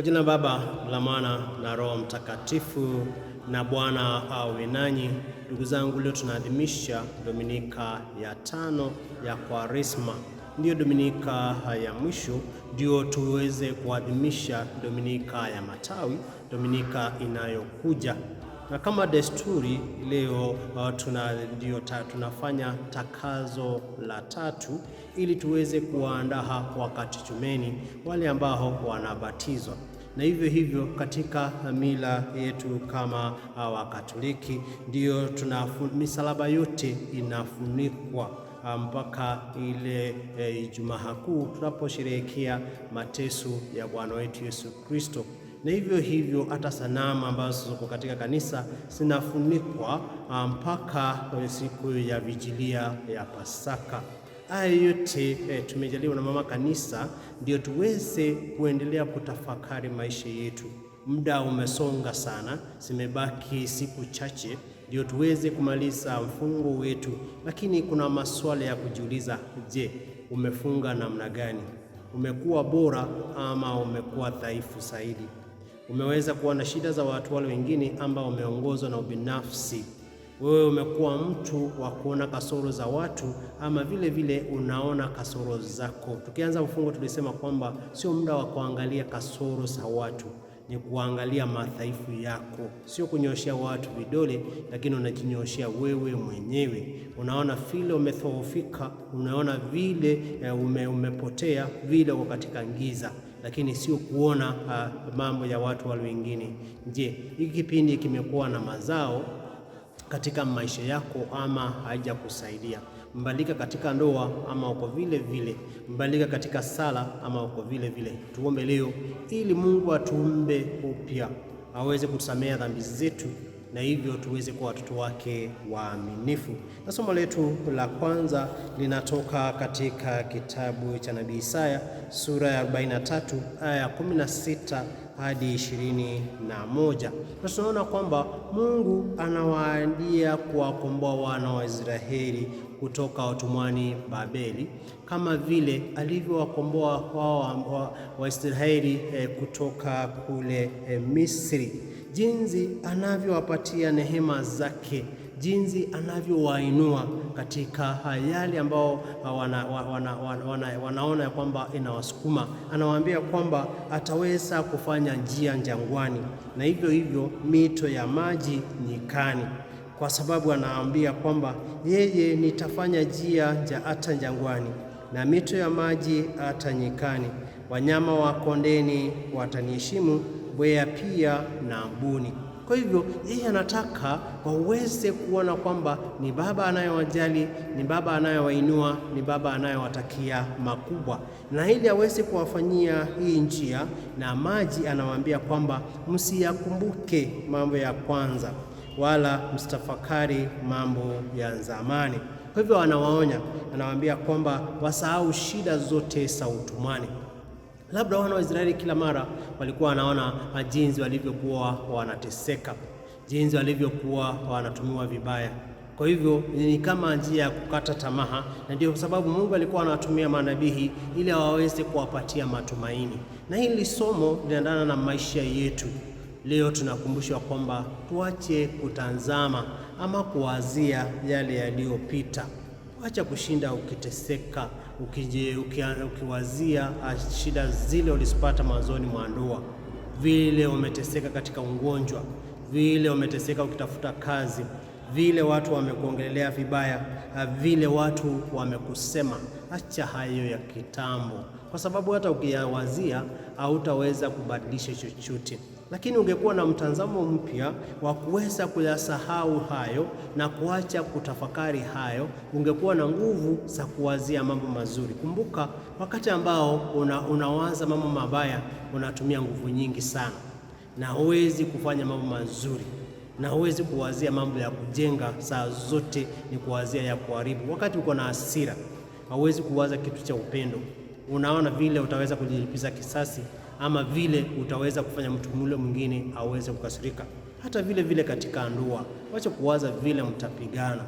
Kwa jina Baba la Mwana na Roho Mtakatifu. Na Bwana awe nanyi. Ndugu zangu, leo tunaadhimisha dominika ya tano ya Kwaresma, ndiyo dominika ya mwisho, ndio tuweze kuadhimisha dominika ya matawi, dominika inayokuja na kama desturi leo uh, tuna, ndio, ta, tunafanya takazo la tatu ili tuweze kuwaandaa kwa chumeni wale ambao wanabatizwa na hivyo hivyo katika mila yetu kama ah, Wakatoliki ndiyo tuna misalaba yote inafunikwa ah, mpaka ile eh, Ijumaa Kuu tunaposherehekea mateso ya Bwana wetu Yesu Kristo na hivyo hivyo hata sanamu ambazo ziko katika kanisa zinafunikwa ah, mpaka siku ya vigilia ya Pasaka. Haya yote eh, tumejaliwa na mama kanisa, ndio tuweze kuendelea kutafakari maisha yetu. Muda umesonga sana, zimebaki siku chache ndio tuweze kumaliza mfungo wetu, lakini kuna maswali ya kujiuliza. Je, umefunga namna gani? Umekuwa bora ama umekuwa dhaifu zaidi? Umeweza kuwa na shida za watu wale wengine ambao umeongozwa na ubinafsi wewe umekuwa mtu wa kuona kasoro za watu ama vile vile unaona kasoro zako. Tukianza mfungo tulisema kwamba sio muda wa kuangalia kasoro za watu, ni kuangalia madhaifu yako, sio kunyoshea watu vidole, lakini unajinyoshea wewe mwenyewe. Unaona vile umethoofika unaona vile eh, ume, umepotea vile uko katika ngiza lakini sio kuona uh, mambo ya watu wale wengine. Je, hiki kipindi kimekuwa na mazao katika maisha yako ama haijakusaidia. Mbalika katika ndoa ama uko vile vile, mbalika katika sala ama uko vile vile. Tuombe leo ili Mungu atuumbe upya aweze kutusamea dhambi zetu na hivyo tuweze kuwa watoto wake waaminifu. Na somo letu la kwanza linatoka katika kitabu cha nabii Isaya sura ya 43 aya ya 16 hadi ishirini na moja na tunaona kwamba Mungu anawaadia kuwakomboa wana wa Israeli kutoka utumwani Babeli kama vile alivyowakomboa wao wa, wa Israeli eh, kutoka kule eh, Misri jinsi anavyowapatia nehema zake, jinsi anavyowainua katika hayali ambao wana, wana, wana, wana, wanaona ya kwamba inawasukuma. Anawaambia kwamba ataweza kufanya njia jangwani na hivyo hivyo mito ya maji nyikani, kwa sababu anaambia kwamba yeye nitafanya njia ja hata jangwani na mito ya maji hata nyikani, wanyama wa kondeni wataniheshimu mbweha pia na mbuni. Kwa hivyo yeye anataka waweze kuona kwamba ni Baba anayewajali, ni Baba anayewainua, ni Baba anayewatakia makubwa, na ili aweze kuwafanyia hii njia na maji, anawaambia kwamba msiyakumbuke mambo ya kwanza, wala msitafakari mambo ya zamani. Kwa hivyo anawaonya, anawaambia kwamba wasahau shida zote za utumwani. Labda wana wa Israeli kila mara walikuwa wanaona jinsi walivyokuwa wanateseka, jinsi walivyokuwa wanatumiwa vibaya. Kwa hivyo ni kama njia ya kukata tamaa, na ndio sababu Mungu alikuwa anawatumia manabii ili waweze kuwapatia matumaini, na hili somo linaendana na maisha yetu leo. Tunakumbushwa kwamba tuache kutazama ama kuwazia yale yaliyopita. Acha kushinda ukiteseka ukije, ukiwazia ah, shida zile ulizopata mwanzoni mwa ndoa, vile umeteseka katika ugonjwa, vile umeteseka ukitafuta kazi, vile watu wamekuongelea vibaya, ah, vile watu wamekusema. Acha hayo ya kitambo, kwa sababu hata ukiyawazia hautaweza kubadilisha chochote lakini ungekuwa na mtazamo mpya wa kuweza kuyasahau hayo na kuacha kutafakari hayo, ungekuwa na nguvu za kuwazia mambo mazuri. Kumbuka, wakati ambao una, unawaza mambo mabaya unatumia nguvu nyingi sana, na huwezi kufanya mambo mazuri na huwezi kuwazia mambo ya kujenga. Saa zote ni kuwazia ya kuharibu. Wakati uko na hasira, hauwezi kuwaza kitu cha upendo. Unaona vile utaweza kujilipiza kisasi ama vile utaweza kufanya mtu mule mwingine aweze kukasirika. Hata vile vile katika ndoa, wacha kuwaza vile mtapigana,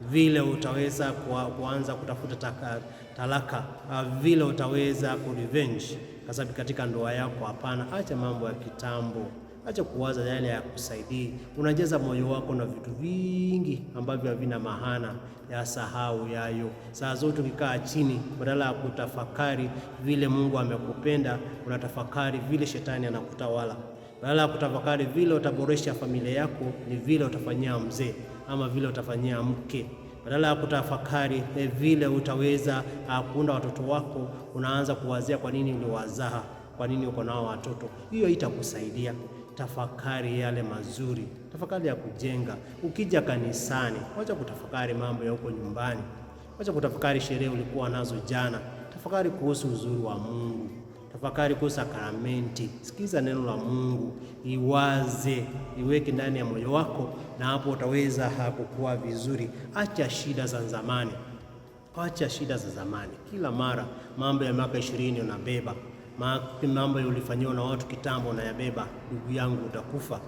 vile utaweza kuanza kutafuta taka, talaka, ah, vile utaweza kurevenge kasabi katika ndoa yako. Hapana, acha mambo ya kitambo. Acha kuwaza yale ya kusaidii. unajeza moyo wako na vitu vingi ambavyo havina maana, ya sahau yayo. Saa zote ukikaa chini, badala ya kutafakari vile Mungu amekupenda, unatafakari vile shetani anakutawala. Badala ya kutafakari vile utaboresha familia yako, ni vile utafanyia mzee ama vile utafanyia mke badala ya kutafakari eh, vile utaweza ah, kuunda watoto wako, unaanza kuwazia kwa nini uliwazaha, kwa nini uko nao watoto. Hiyo itakusaidia tafakari yale mazuri, tafakari ya kujenga. Ukija kanisani, wacha kutafakari mambo ya huko nyumbani, wacha kutafakari sherehe ulikuwa nazo jana, tafakari kuhusu uzuri wa Mungu, tafakari kuhusu sakramenti, sikiza neno la Mungu, iwaze, iweke ndani ya moyo wako, na hapo utaweza hakukua vizuri. Acha shida za zamani, acha shida za zamani. Kila mara mambo ya miaka ishirini unabeba maana ambayo ulifanyiwa na watu kitambo unayabeba. Ndugu yangu, utakufa.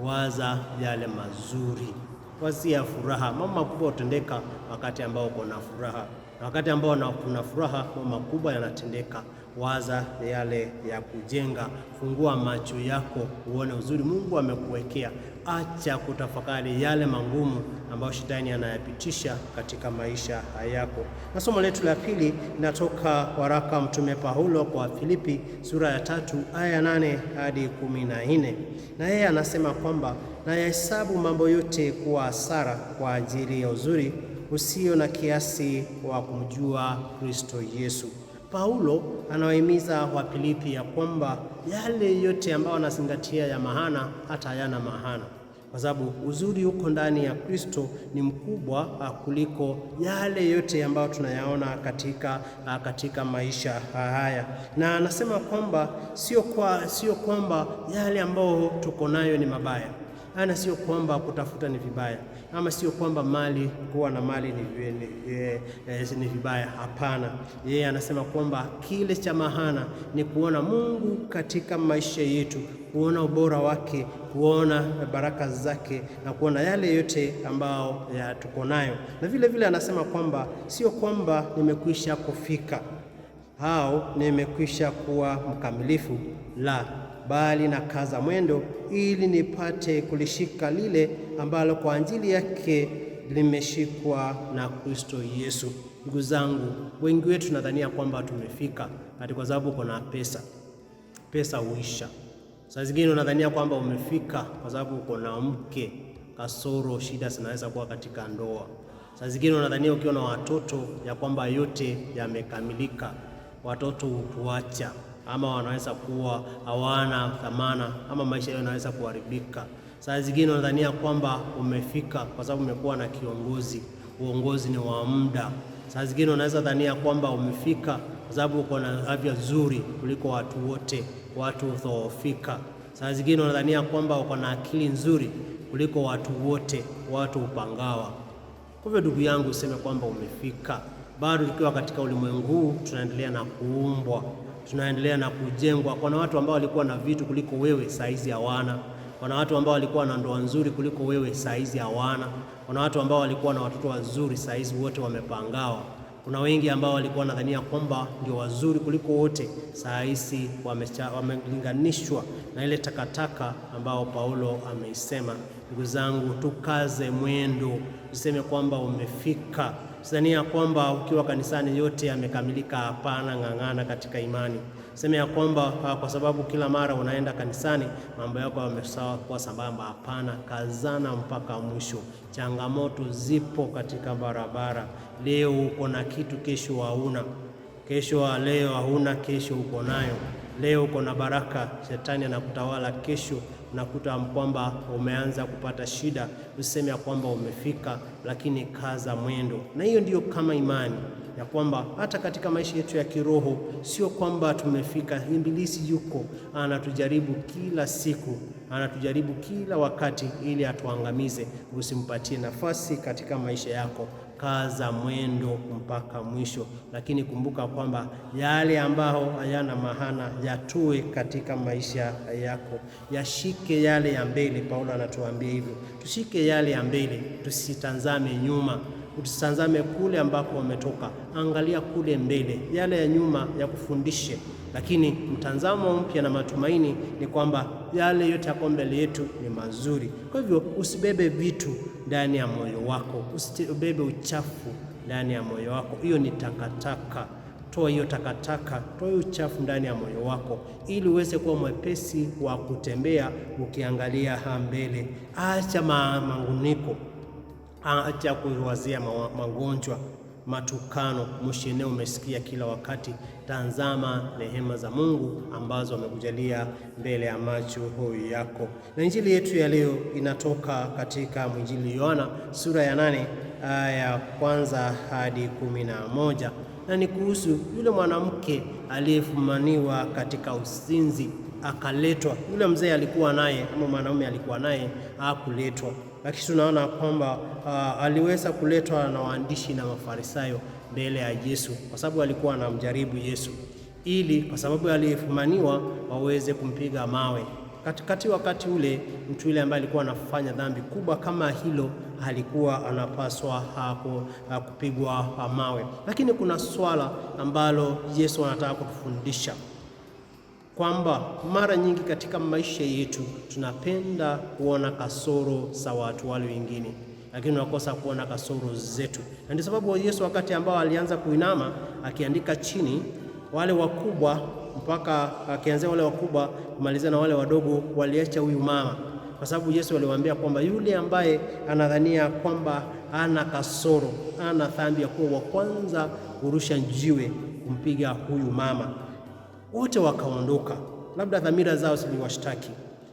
Waza yale mazuri, wazia furaha. Mambo makubwa hutendeka wakati ambao uko na furaha, na wakati ambao kuna furaha mambo makubwa yanatendeka. Waza yale ya kujenga, fungua macho yako uone uzuri Mungu amekuwekea acha kutafakari yale magumu ambayo shetani anayapitisha katika maisha yako. Na somo letu la pili linatoka waraka mtume Paulo kwa Filipi sura ya tatu aya nane hadi kumi na nne na yeye anasema kwamba nayahesabu mambo yote kuwa hasara kwa ajili ya uzuri usio na kiasi wa kumjua Kristo Yesu. Paulo anawahimiza Wafilipi ya kwamba yale yote ambayo anazingatia ya mahana hata hayana mahana kwa sababu uzuri huko ndani ya Kristo ni mkubwa ah, kuliko yale yote ambayo tunayaona katika, ah, katika maisha ah, haya. Na anasema kwamba sio kwa, sio kwamba yale ambayo tuko nayo ni mabaya ana sio kwamba kutafuta ni vibaya, ama sio kwamba mali kuwa na mali ni, ni, ni, eh, eh, ni vibaya. Hapana, yeye anasema kwamba kile cha maana ni kuona Mungu katika maisha yetu, kuona ubora wake, kuona baraka zake na kuona yale yote ambayo ya tuko nayo. Na vile vile anasema kwamba sio kwamba nimekwisha kufika au nimekwisha kuwa mkamilifu, la, bali na kaza mwendo ili nipate kulishika lile ambalo kwa ajili yake limeshikwa na Kristo Yesu. Ndugu zangu, wengi wetu nadhania kwamba tumefika hadi kwa sababu kuna pesa, pesa huisha. Saa zingine unadhania kwamba umefika kwa sababu uko na mke, kasoro shida zinaweza kuwa katika ndoa. Saa zingine unadhania ukiwa na watoto ya kwamba yote yamekamilika, watoto hutuacha ama wanaweza kuwa hawana thamana ama maisha yao yanaweza kuharibika. Saa zingine unadhania kwamba umefika kwa sababu umekuwa na kiongozi, uongozi ni wa muda. Saa zingine unaweza dhania kwamba umefika kwa sababu uko na afya nzuri kuliko watu wote watu hudhoofika. Saa zingine wanadhania kwamba wako na akili nzuri kuliko watu wote, watu upangawa. Kwa hivyo ndugu yangu, useme kwamba umefika. Bado tukiwa katika ulimwengu huu, tunaendelea na kuumbwa, tunaendelea na kujengwa. Kuna watu ambao walikuwa na vitu kuliko wewe, saizi hawana. Kuna watu ambao walikuwa na ndoa nzuri kuliko wewe, saizi hawana. Kuna watu ambao walikuwa na watoto wazuri, saizi wote wamepangawa. Kuna wengi ambao walikuwa wanadhania kwamba ndio wazuri kuliko wote, saa hizi wamelinganishwa na ile takataka ambao Paulo ameisema. Ndugu zangu, tukaze mwendo, tuseme kwamba umefika. Sidhani ya kwamba ukiwa kanisani yote yamekamilika. Hapana, ng'ang'ana katika imani. Sema ya kwamba ah, kwa sababu kila mara unaenda kanisani mambo yako yamesawa kwa sambamba. Hapana, kazana mpaka mwisho. Changamoto zipo katika barabara. Leo uko na kitu, kesho hauna kesho, leo hauna kesho uko nayo, leo uko na baraka, shetani anakutawala kesho unakuta kwamba umeanza kupata shida, usiseme ya kwamba umefika, lakini kaza mwendo. Na hiyo ndiyo kama imani ya kwamba hata katika maisha yetu ya kiroho sio kwamba tumefika. Ibilisi yuko anatujaribu kila siku, anatujaribu kila wakati ili atuangamize. Usimpatie nafasi katika maisha yako kaza mwendo mpaka mwisho, lakini kumbuka kwamba yale ambayo hayana mahana yatue katika maisha yako, yashike yale ya mbele. Paulo anatuambia hivyo, tushike yale ya mbele, tusitazame nyuma, tusitazame kule ambako wametoka, angalia kule mbele, yale ya nyuma ya kufundishe lakini mtazamo mpya na matumaini ni kwamba yale yote yako mbele yetu ni mazuri. Kwa hivyo usibebe vitu ndani ya moyo wako, usibebe uchafu ndani ya moyo wako. Hiyo ni takataka. Toa hiyo takataka, toa uchafu ndani ya moyo wako, ili uweze kuwa mwepesi wa kutembea ukiangalia mbele. Acha manunguniko, acha kuwazia magonjwa matukano Moshene umesikia kila wakati. Tazama rehema za Mungu ambazo amekujalia mbele ya macho hoyo yako. Na injili yetu ya leo inatoka katika mwinjili Yohana sura ya nane ya kwanza hadi kumi na moja na ni kuhusu yule mwanamke aliyefumaniwa katika usinzi akaletwa. Yule mzee alikuwa naye ama mwanaume alikuwa naye akuletwa lakini tunaona kwamba uh, aliweza kuletwa na waandishi na mafarisayo mbele ya Yesu kwa sababu alikuwa anamjaribu Yesu ili kwa sababu alifumaniwa waweze kumpiga mawe. Katikati wakati ule mtu yule ambaye alikuwa anafanya dhambi kubwa kama hilo alikuwa anapaswa hapo uh, kupigwa uh, mawe, lakini kuna swala ambalo Yesu anataka kutufundisha kwamba mara nyingi katika maisha yetu tunapenda kuona kasoro za watu wale wengine, lakini tunakosa kuona kasoro zetu, na ndio sababu Yesu wakati ambao alianza kuinama akiandika chini wale wakubwa, mpaka akianzia wale wakubwa kumalizia na wale wadogo, waliacha huyu mama, kwa sababu Yesu aliwaambia kwamba yule ambaye anadhania kwamba ana kasoro, ana dhambi ya kuwa wa kwanza kurusha jiwe kumpiga huyu mama wote wakaondoka. Labda dhamira zao ziliwashtaki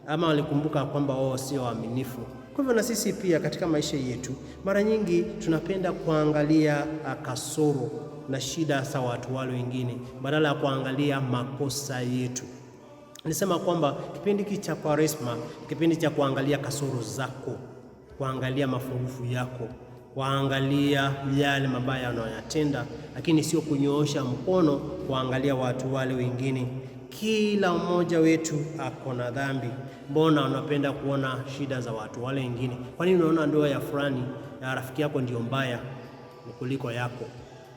ama walikumbuka kwamba wao sio waaminifu. Kwa hivyo na sisi pia katika maisha yetu mara nyingi tunapenda kuangalia ah, kasoro na shida za watu wale wengine badala ya kuangalia makosa yetu. Nisema kwamba kipindi hiki cha Kwaresma, kipindi cha kuangalia kasoro zako, kuangalia mafurufu yako waangalia yale mabaya wanayoyatenda, lakini sio kunyoosha mkono kuangalia watu wale wengine. Kila mmoja wetu ako na dhambi. Mbona unapenda kuona shida za watu wale wengine? Kwa nini unaona ndoa ya fulani ya rafiki yako ndio mbaya kuliko yako?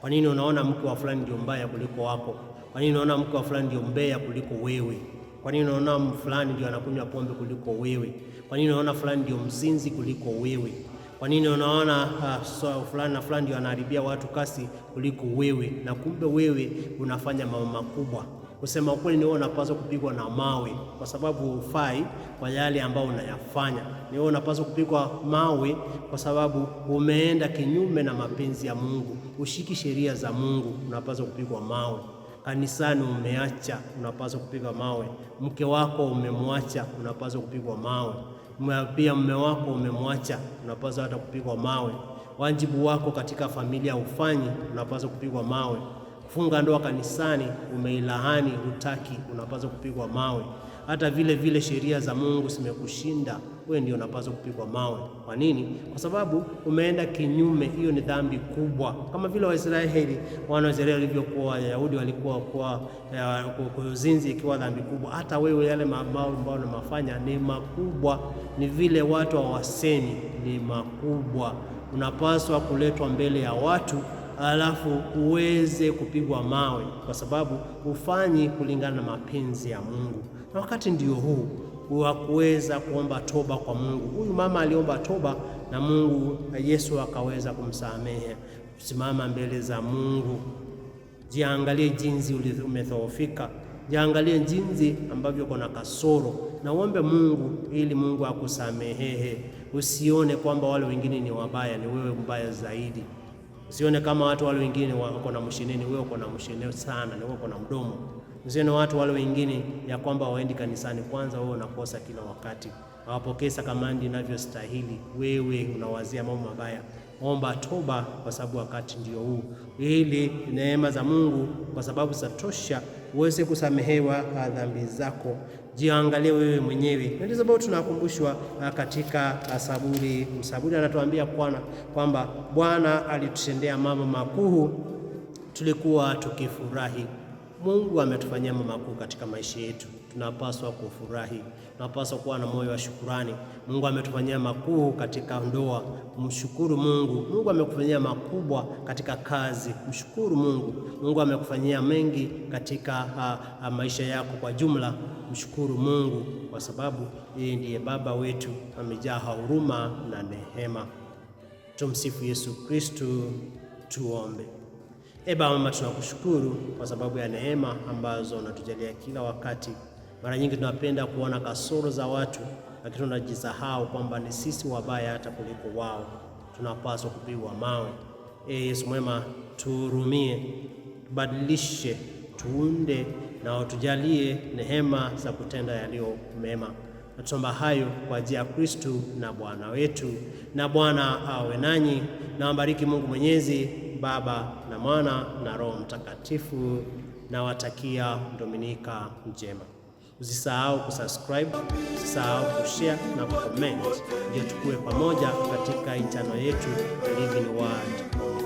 Kwa nini unaona mke wa fulani ndio mbaya kuliko wako? Kwa nini unaona mke wa fulani ndio mbea kuliko wewe? Kwa nini unaona fulani ndio anakunywa pombe kuliko wewe? Kwa nini unaona fulani ndio mzinzi kuliko wewe? Kwa nini unaona ah, fulani na fulani ndio anaharibia watu kasi kuliko wewe, na kumbe wewe unafanya mambo makubwa. Kusema ukweli, wewe unapaswa kupigwa na mawe kwa sababu hufai kwa yale ambayo unayafanya. Niwe unapaswa kupigwa mawe kwa sababu umeenda kinyume na mapenzi ya Mungu, ushiki sheria za Mungu, unapaswa kupigwa mawe. Kanisani umeacha, unapaswa kupiga mawe. Mke wako umemwacha, unapaswa kupigwa mawe. Pia mme wako umemwacha, unapaswa hata kupigwa mawe. Wajibu wako katika familia ufanyi, unapaswa kupigwa mawe. Funga ndoa kanisani umeilahani, hutaki, unapaswa kupigwa mawe. Hata vile vile sheria za Mungu zimekushinda wewe ndio unapaswa kupigwa mawe. Kwa nini? Kwa sababu umeenda kinyume, hiyo ni dhambi kubwa, kama vile Waisraeli wanaoisraeli walivyokuwa Wayahudi walikuwa kwa uzinzi, ikiwa dhambi kubwa. Hata wewe yale mabao ambayo unamafanya ni makubwa, ni vile watu hawasemi, ni makubwa. Unapaswa kuletwa mbele ya watu alafu uweze kupigwa mawe, kwa sababu hufanyi kulingana na mapenzi ya Mungu, na wakati ndio huu wa kuweza kuomba toba kwa Mungu. Huyu mama aliomba toba na Mungu na Yesu akaweza kumsamehe. Simama mbele za Mungu, jiangalie jinsi umedhoofika, jiangalie jinsi ambavyo kuna kasoro, na uombe Mungu ili Mungu akusamehehe. Usione kwamba wale wengine ni wabaya, ni wewe mbaya zaidi. Usione kama watu wale wengine wako na mshineni, wewe uko na mshineni sana, ni wewe uko na mdomo Usiwe na watu wale wengine ya kwamba waendi kanisani. Kwanza wewe unakosa kila wakati, hawapokee sakamandi inavyostahili. Wewe unawazia mambo mabaya. Omba toba, kwa sababu wakati ndio huu, ili neema za Mungu kwa sababu za tosha uweze kusamehewa ah, dhambi zako. Jiangalie wewe mwenyewe, na sababu tunakumbushwa ah, katika ah, Saburi. Msaburi anatuambia kwamba Bwana alitutendea mambo makuu, tulikuwa tukifurahi. Mungu ametufanyia mambo makuu katika maisha yetu, tunapaswa kufurahi, tunapaswa kuwa na moyo wa shukurani. Mungu ametufanyia makuu katika ndoa, mshukuru Mungu. Mungu amekufanyia makubwa katika kazi, mshukuru Mungu. Mungu amekufanyia mengi katika uh, uh, maisha yako kwa jumla, mshukuru Mungu kwa sababu yeye ndiye Baba wetu, amejaa huruma na nehema Tumsifu Yesu Kristu. Tuombe. E Baba, tunakushukuru kwa sababu ya neema ambazo unatujalia kila wakati. Mara nyingi tunapenda kuona kasoro za watu, lakini tunajisahau kwamba ni sisi wabaya hata kuliko wao, tunapaswa kupigwa mawe. E Yesu mwema, tuhurumie, tubadilishe, tuunde na utujalie neema za kutenda yaliyo mema. Natuomba hayo kwa ajili ya Kristu na Bwana wetu. Na Bwana awe nanyi na wabariki Mungu Mwenyezi Baba na Mwana na Roho Mtakatifu, na watakia Dominika njema. Usisahau kusubscribe, usisahau kushare na kucomment, ndio tukue pamoja katika itano yetu Living Word.